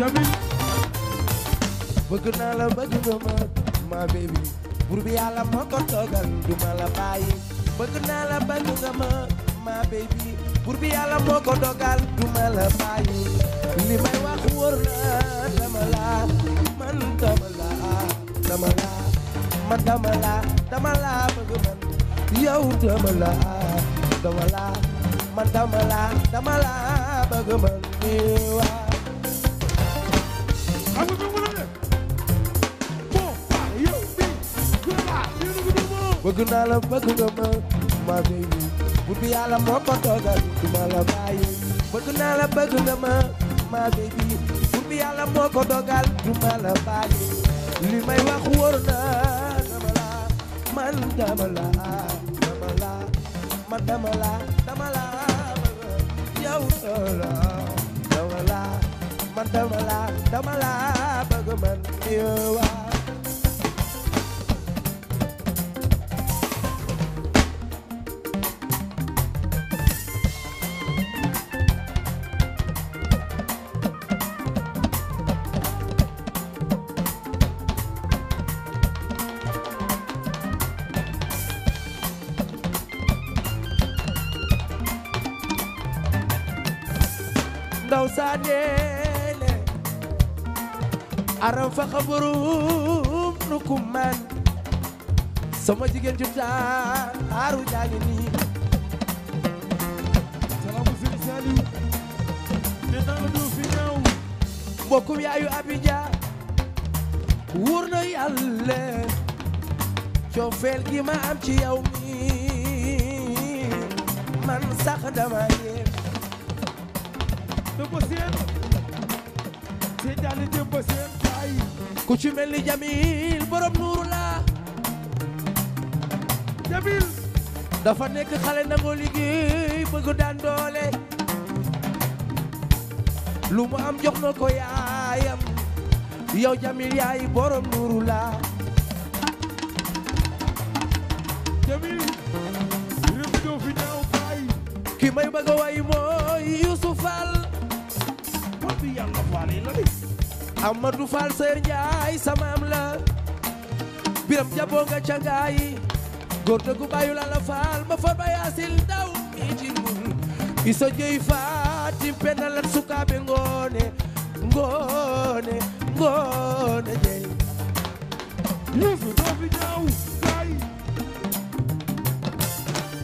jamin bëgg naa la bëgg nga ma ma baby bur bi yàlla moo ko toogal du ma la bàyyi bëgg naa la bëgg nga ma ma baby bur bi yàlla moo ko dogal du ma la bàyyi li may wax wóor na dama la man dama la dama la man dama la dama la bëgg man yow dama la dama la man dama la dama la bëgg man ni waa bëgg naa la bëgg nga ma ma baby buur bi yàlla moo ko toogal du ma la bàyyi bëgg naa la bëgg nga ma ma baby buur bi yàlla moo ko toogal du ma la bàyyi li may wax wóor na dama la man dama la dama la man dama la dama la yow la man đâu mà là đâu mà là bơ của mình yêu à. đâu xa nhé aram fa xabarum nu kumman sama jigéen ju taaru jaangi nii salaamu sëriñ Saliou ne naa fi ñëw mbokkum yaayu Abidjan wóor na yàlla cofeel gi ma am ci yow man sax dama yéem da ko seen ba seen Njaay ku Jamil borom nuuru Jamil dafa nek xale nangoo liggéey bëgg dan doole lu am jox na ko yaayam Jamil yaay borom nuuru la Jamil réew doo fi ñaaw baay ki may bëgg way Amadou Fall Sër Njaay sama am la biram jaboo nga cangaay góor dëggu bàyyu la la faal ma for ba yaasil daw mi ci nun iso jëy Fatim Penda Lat Sukaabe ngoone ngoone ngoone jëy yuusu doo fi ñaaw gaay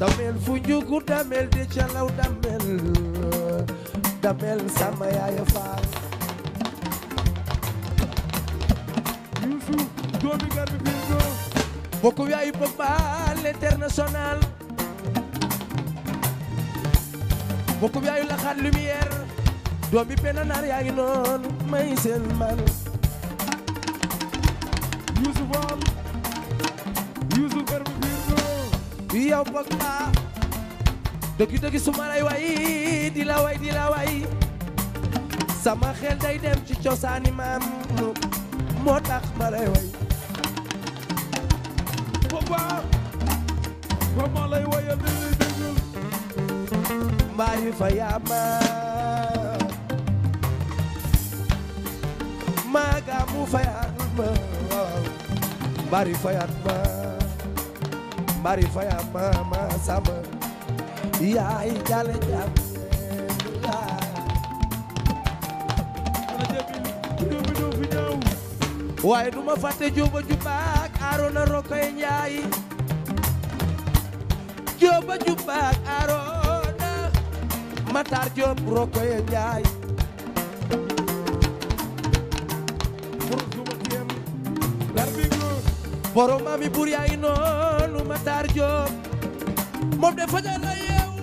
damel fu njugu damel de calaw damel damel sama yaaya faal Youssou doomi Garmi Pinto bokku yaayu Pogba l'international bokku yaayu laxaat lumière doomi penanaar yaa ngi noonu may sel man Youssou Fall Youssou Garmi Pinto yow Pogba dëgg dëgg suma lay way di la way di la way sama xel day dem ci cosaani maam moo tax ma lay way papa papa lay wayal di li déggul fa yaama ma mbari fayaat ma mbari fayaat ma ma sama yaay jale waaye duma fàtte jóoba ju baak Arona Rokoy Njaay jóoba ju baak Arona Matar Jóob Rokoy Njaay borom maami bur yaay noonu Matar Jóob moom de fajar la yeewu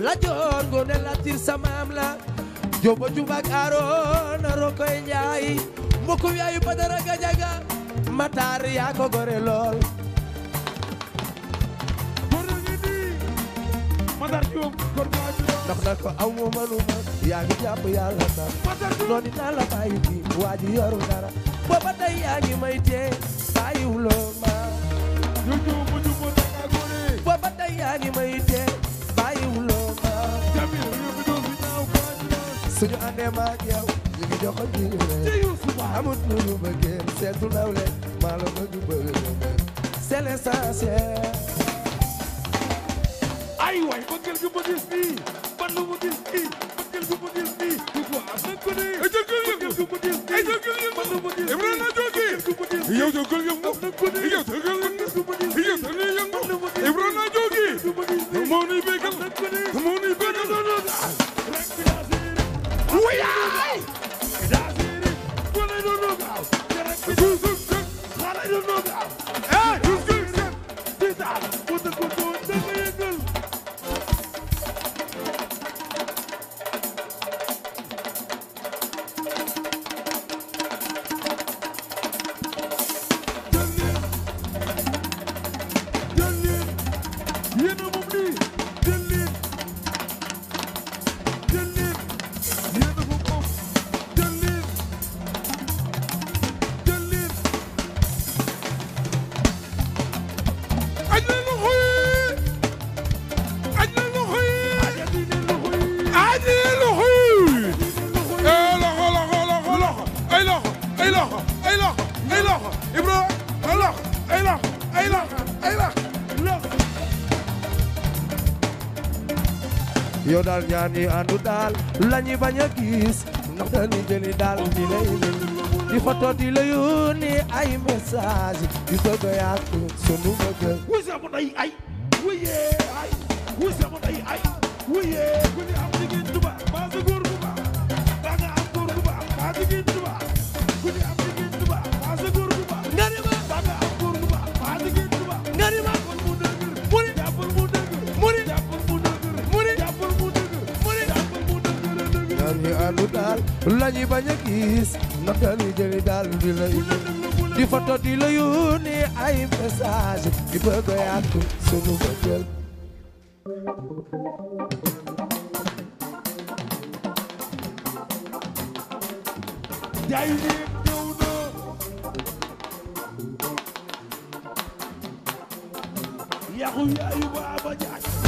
la joor la tir samaam la jóoba ju baak Arona Rokoy Njaay mbokkum yaayu Badara Gajaga Matar yaa ko gore lool Matar Diop ndax na ko aw ma yaa ngi jàpp yàlla sax noonu booba tey yaa ngi may tee bàyyiwuloo ma booba tey yaa ngi may tee bàyyiwuloo ma suñu àndee ma jox ko diine amut lu ñu bëggee seetul aw leen maa la bëgg bëgg c'est l'essentiel ay waay bëggal gi mu dis nii ban lu mu dis nii bëggal gi mu dis nii di ko am nañ ko nii bëggal gi mu dis nii ban lu mu dis nii bëggal gi mu dis nii yow jógal yow yow daal ñaan yi daal lañu bañ a gis ndax dañu daal di lay di photo di la yónni ay message di bëgg a yàq sunu bëgg wuse mu day ay wuye ay wuse mu day ay wuye ku ni am jigéen tuba maa sa góor bu baax da nga am góor bu baax maa daal lañuy bañ gis ndax dañuy jëli di la di foto di la yónni ay message di bëgg Ya yàqu sunu bëggal jaay ni ya ku yaxu yaayu